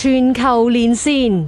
全球連線，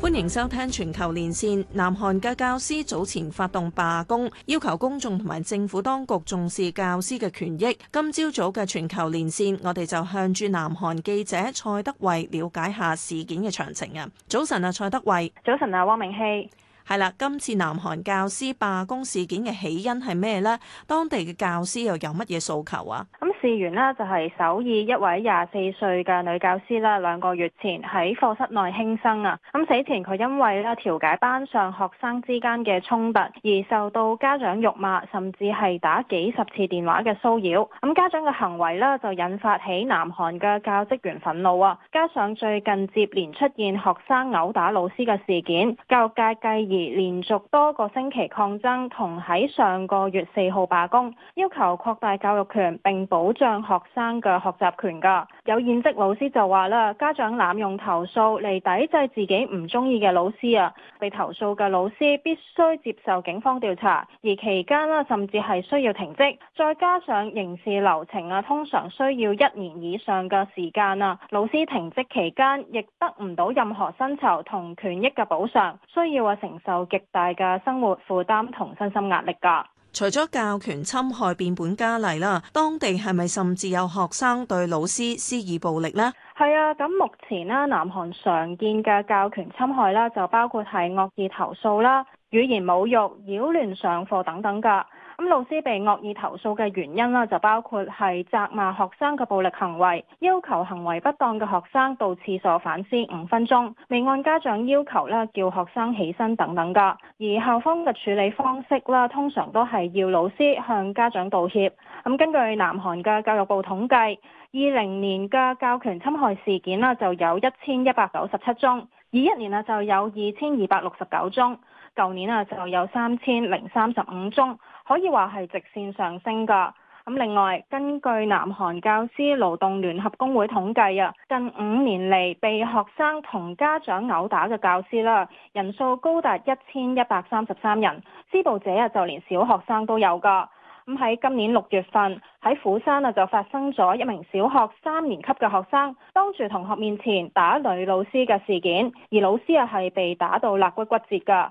歡迎收聽全球連線。南韓嘅教師早前發動罷工，要求公眾同埋政府當局重視教師嘅權益。今朝早嘅全球連線，我哋就向住南韓記者蔡德蕙了解下事件嘅詳情啊。早晨啊，蔡德蕙。早晨啊，汪溟曦。係啦，今次南韓教師罷工事件嘅起因係咩呢？當地嘅教師又有乜嘢訴求啊？事源呢就係首爾一位廿四歲嘅女教師啦，兩個月前喺課室內輕生啊！咁死前佢因為呢調解班上學生之間嘅衝突而受到家長辱罵，甚至係打幾十次電話嘅騷擾。咁家長嘅行為呢，就引發起南韓嘅教職員憤怒啊！加上最近接連出現學生毆打老師嘅事件，教育界繼而連續多個星期抗爭，同喺上個月四號罷工，要求擴大教育權並保保障學生嘅學習權㗎。有現職老師就話啦，家長濫用投訴嚟抵制自己唔中意嘅老師啊，被投訴嘅老師必須接受警方調查，而期間啦甚至係需要停職。再加上刑事流程啊，通常需要一年以上嘅時間啊。老師停職期間亦得唔到任何薪酬同權益嘅補償，需要啊承受極大嘅生活負擔同身心壓力㗎。除咗教權侵害變本加厲啦，當地係咪甚至有學生對老師施以暴力呢？係啊，咁目前咧，南韓常見嘅教權侵害啦，就包括係惡意投訴啦、語言侮辱、擾亂上課等等噶。咁老師被惡意投訴嘅原因啦，就包括係責罵學生嘅暴力行為，要求行為不當嘅學生到廁所反思五分鐘，未按家長要求啦叫學生起身等等㗎。而校方嘅處理方式啦，通常都係要老師向家長道歉。咁根據南韓嘅教育部統計，二零年嘅教權侵害事件啦，就有一千一百九十七宗。二一年啊就有二千二百六十九宗，舊年啊就有三千零三十五宗，可以話係直線上升噶。咁另外，根據南韓教師勞動聯合工會統計啊，近五年嚟被學生同家長毆打嘅教師啦，人數高達一千一百三十三人，施暴者啊就連小學生都有噶。咁喺今年六月份，喺釜山啊就發生咗一名小學三年級嘅學生，當住同學面前打女老師嘅事件，而老師啊係被打到肋骨骨折㗎。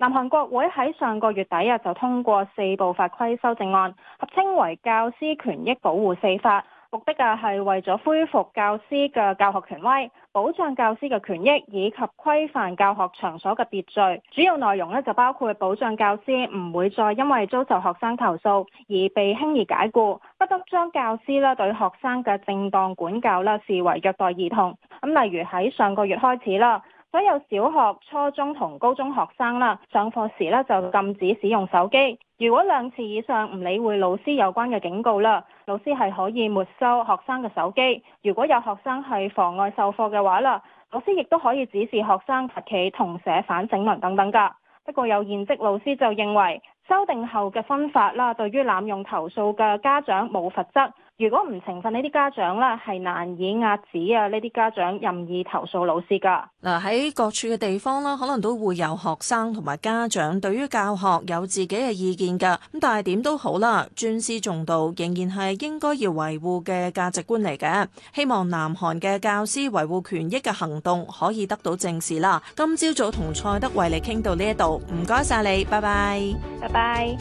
南韓國會喺上個月底呀就通過四部法規修正案，合稱為教師權益保護四法，目的啊係為咗恢復教師嘅教學權威，保障教師嘅權益以及規範教學場所嘅秩序。主要內容呢，就包括保障教師唔會再因為遭受學生投訴而被輕易解雇，不得將教師啦對學生嘅正當管教啦視為虐待兒童。咁例如喺上個月開始啦，所有小學初中同高中學生啦，上課時咧就禁止使用手機，如果兩次以上唔理會老師有關嘅警告啦，老師係可以沒收學生嘅手機，如果有學生係妨礙授課嘅話啦，老師亦都可以指示學生罰企同寫反省文等等噶，不過有現職老師就認為修訂後嘅分法啦，對於濫用投訴嘅家長冇罰則。如果唔懲罰呢啲家長啦，係難以壓止啊！呢啲家長任意投訴老師噶。嗱喺、啊、各處嘅地方啦，可能都會有學生同埋家長對於教學有自己嘅意見嘅。咁但係點都好啦，尊師重道仍然係應該要維護嘅價值觀嚟嘅。希望南韓嘅教師維護權益嘅行動可以得到正視啦。今朝早同蔡德蕙嚟傾到呢一度，唔該晒你，拜拜，拜拜。